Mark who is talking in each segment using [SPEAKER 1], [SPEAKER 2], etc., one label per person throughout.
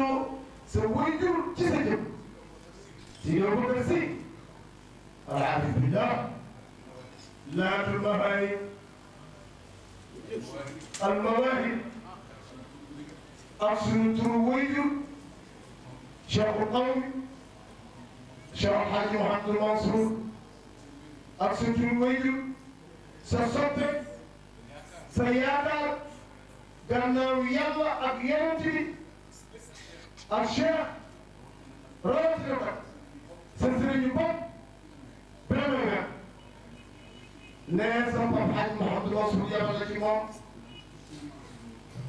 [SPEAKER 1] ነው سويتم جسدكم سيروا بالرسي العافية بالله لا المواهب المواهب أحسن ترويجم شيخ القوم شيخ الحاج محمد المنصور أحسن ترويجم سصدق سيادة قالنا يلا أبيانتي ak Cheikh rawatina nag seen sëriñ yu bopp Birame Ngane nee sama papa Hadj Mouhamadou Mansour yabal la ci moom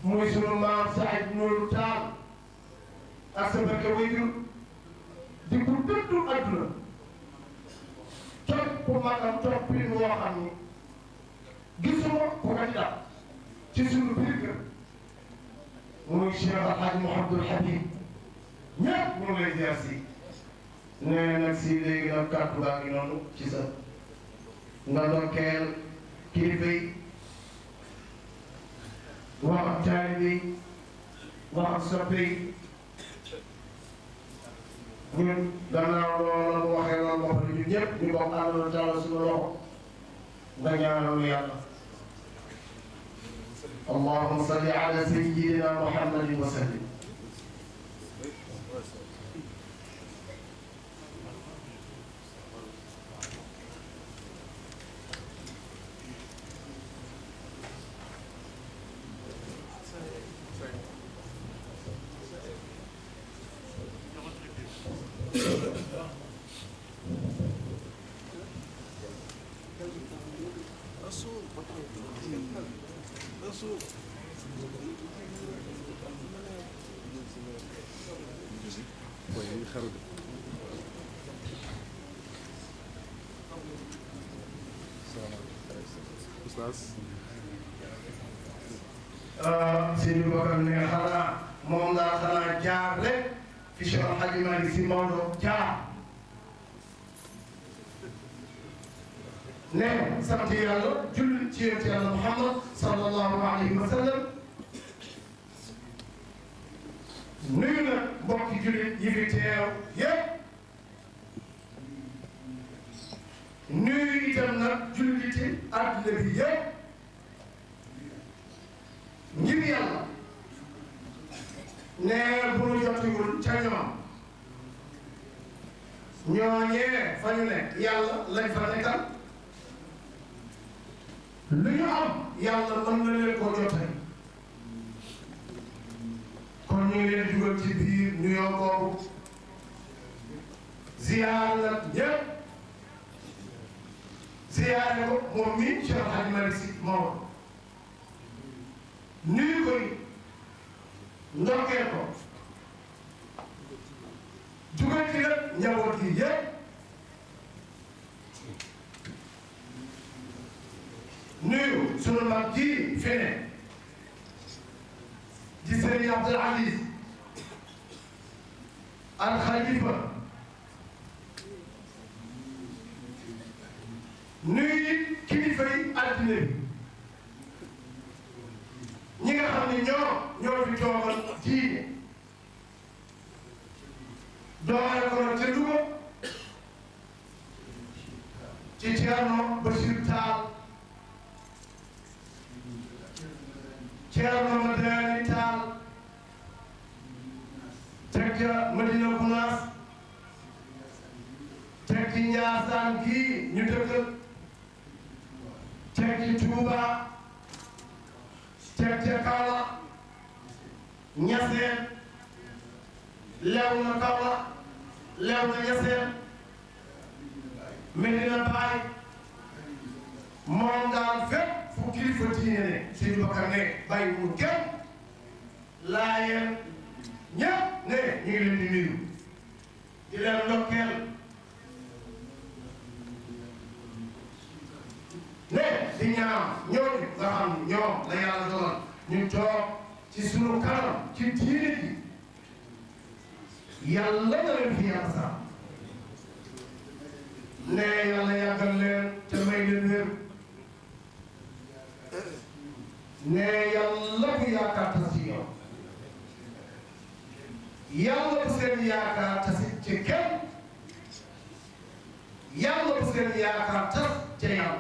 [SPEAKER 1] muy sunu maam Saïd Nourou Tall ak sa barke waajur di bu dëddu àdduna topp maanaam toppin woo xam ni gisuma ku ko ci dàq ci sunu biir kër muy Cheikh Alhaji Mouhamadou ñëpp mu ngi lay ziar si nee nag si léegi nag kàddu gaa ngi ci sa nga dokkeel kilifa yi wax ak taalibe yi wax ak soppe yi ñun gannaaw loola bu waxee loolu wax na ñun ñëpp ñu bokk àndal taala suñu loxo
[SPEAKER 2] nga ala sayyidina muhammadin wa sallim
[SPEAKER 1] oustaz sëñ bi ne xanaa moom daal xanaa jaar rek fi Cheikh Al ne sant yàlla julli ci yonent yàlla sallallahu aleyhi wa sallam nuyu na mbokki jullit yi nuyu itam nag julliti àdduna bi yëpp ngir yàlla nee bu nu jotiwul ca ñoom ñooñee fa ñu ne yàlla lañ fa nekkal lu ñu am yàlla mën na leen koo jotee kon ñu leen dugal ci biir nuyoo boobu ziyaar nag ñëpp siyaare ko moom mii Cheikh Hadj Malick Sy moom nuyu ko ndokkee ko dugal ci nag njaboot yi yëpp nuyu sunu mag ji fi ne di Serigne Abdoul Aziz Al Khalifa nuyu kilifa yi àddina bi ñi nga xam ne ñoo ñoo fi toogal diine doore ko ca Louga ci Thierno Bachir Tall Thierno Madani Tall teg ca Madina Gounass teg ci Ndiassane gii ñu dëkkal ci Touba Ceg ca Kaolack Ñaseen lew na Kaolack lew na Ñaseen Medina Baay moom daal fu kilifa diine ne Sëriñ Bakar ne bàyyi mu kenn laayeen ñëpp ne ñu ngi leen di nuyu di leen ndokkeel ñaam ñooñu nga xam ñoom la yàlla dogal ñu toog ci sunu kanam ci diine gi yàlla na leen fi yàlla sax ne yàlla yàggal leen te may leen wér ne yàlla bu yaakaar tas ci ñoom yàlla bu seen yaakaar tas ci kenn yàlla bu seen yaakaar tas ca yàlla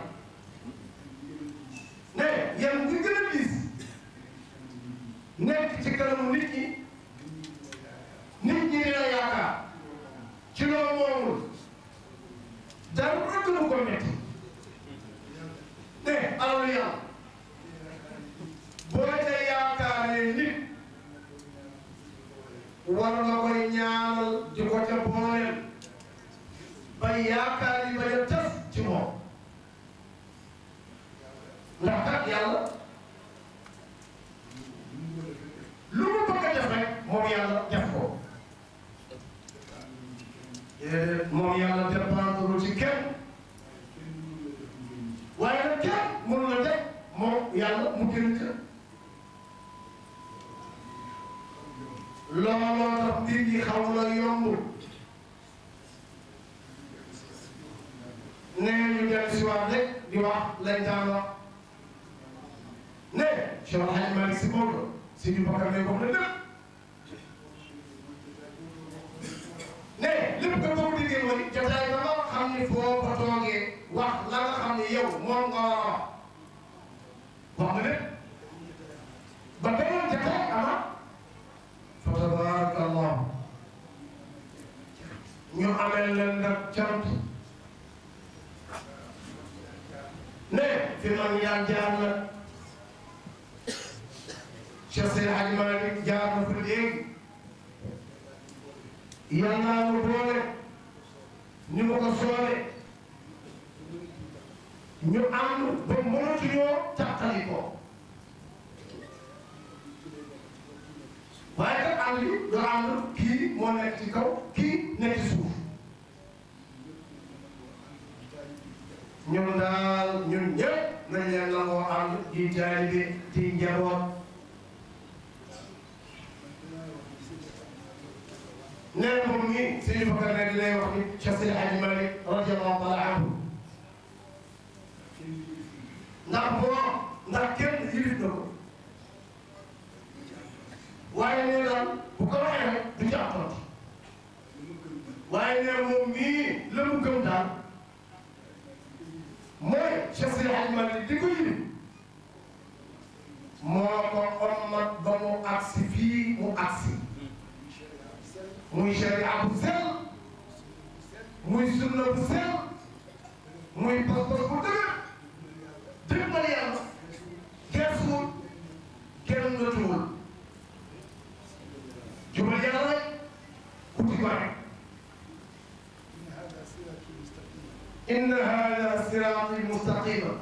[SPEAKER 1] mooy yaakaar yi ba ya tas ci moom ndax kat yàlla lu mu bëgg a def rek moom yàlla def ko moom yàlla dépendre ci kenn waaye nag kenn mënu la def moom yàlla mu gën ca looloo tax nit ñi xaw la Ndaytaano ne Cheikh El Hadj Malick si Maodo Sidi Bakar lay bokk na lépp ne lépp nga bokk déggee mooy jotaay ba nga xam ni foo ko toogee wax la nga xam ni yow moom nga war a wax nga lépp ba beneen jotaay ama fa tabaraka Allah ñu amee leen nag cant ne fi man yaa na Cheikh Seydi Hadji Malick na fi léegi yal naa mu boole ñu ma ko soole ñu ànd ba mënatuñoo tàqali ko waaye kat ànd bi du ànd kii moo nekk ci kaw kii nekk ci suuf ñun daal ñun ñëpp nañ leen la koo ànd di taalibe di njaboot nee moom ni suñu Bakar ne di wax ni Cheikh Seydi Hadji Malick radiyallahu taala anhu ndax boo ndax kenn yilif na ko waaye nee bu ko waxee du ci am tontu waaye nee moom Cheikh Seydi Hadji Malick di ko mu agsi fii mu agsi muy sharia bu sell sunna bu sell muy pas-pas bu dëgër dëgmal yàlla geesuwul kenn nëtuwul jubal yàlla rek uti bare inna صراط مستقيما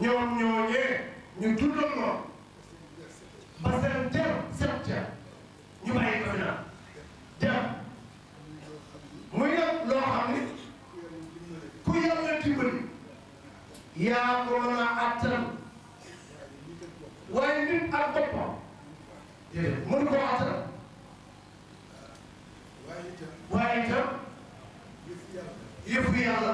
[SPEAKER 1] ñoom ñooñee ñu dundal moom ba seen dem seen dem ñu bàyyi ko naan dem muy nag loo xam ni ku yàlla dimbali yaa ko mën a attan waaye nit ak boppam mënu koo attan waaye itam yëfu yàlla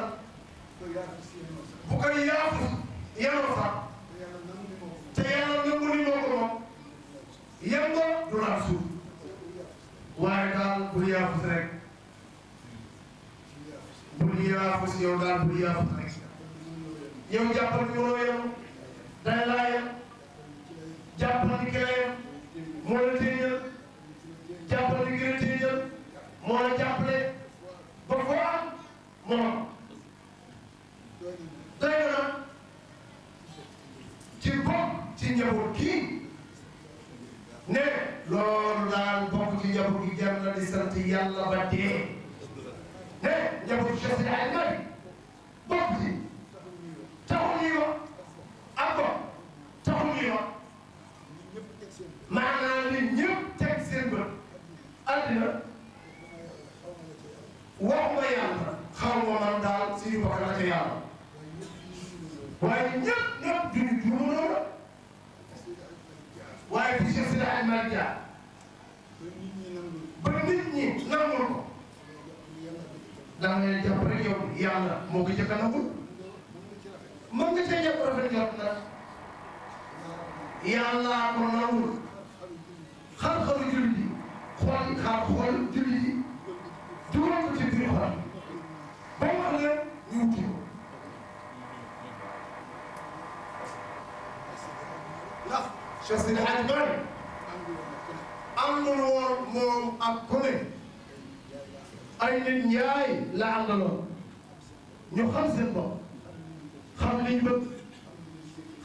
[SPEAKER 1] bu koy yaatu yemal fa te yàlla nangu ni moo ko moom yem nga du laal suuf waaye daal bul yaafus rek bul yaafus yow daal bul yaafus rek yow jàppal ni mënoo yem day laa yem jàppal ni ki la yem moo la téeñal ci njaboot kii ne loolu daal bokk ci njaboot gi jar na di sant yàlla ba dee ne njaboot Cheikh Sidi Hadj Malick bokk ci taxul ñuy wax ak ko taxul ñuy wax maanaam nit ñëpp teg seen bët àddina waxuma yàlla xaw ma daal suñu bokk la ca yàlla waaye ñëpp waaye fi Cheikh Sidi Hadj Malick nit ñi nangul ko da ngay jàpp rek yow yàlla moo ko jëkk a nangul mën nga cee jàpp rafet njort nag yàllaa ko nangul xar-xaru jullit yi xool xaar xool Cheikh Sidi Hadj Malick àndul woon moom ak ku ay nit ñaay la àndaloon ñu xam seen bopp xam li ñu bëgg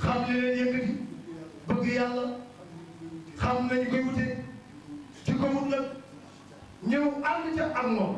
[SPEAKER 1] xam li leen yëkkati bëgg yàlla xam nañu koy wute ci ko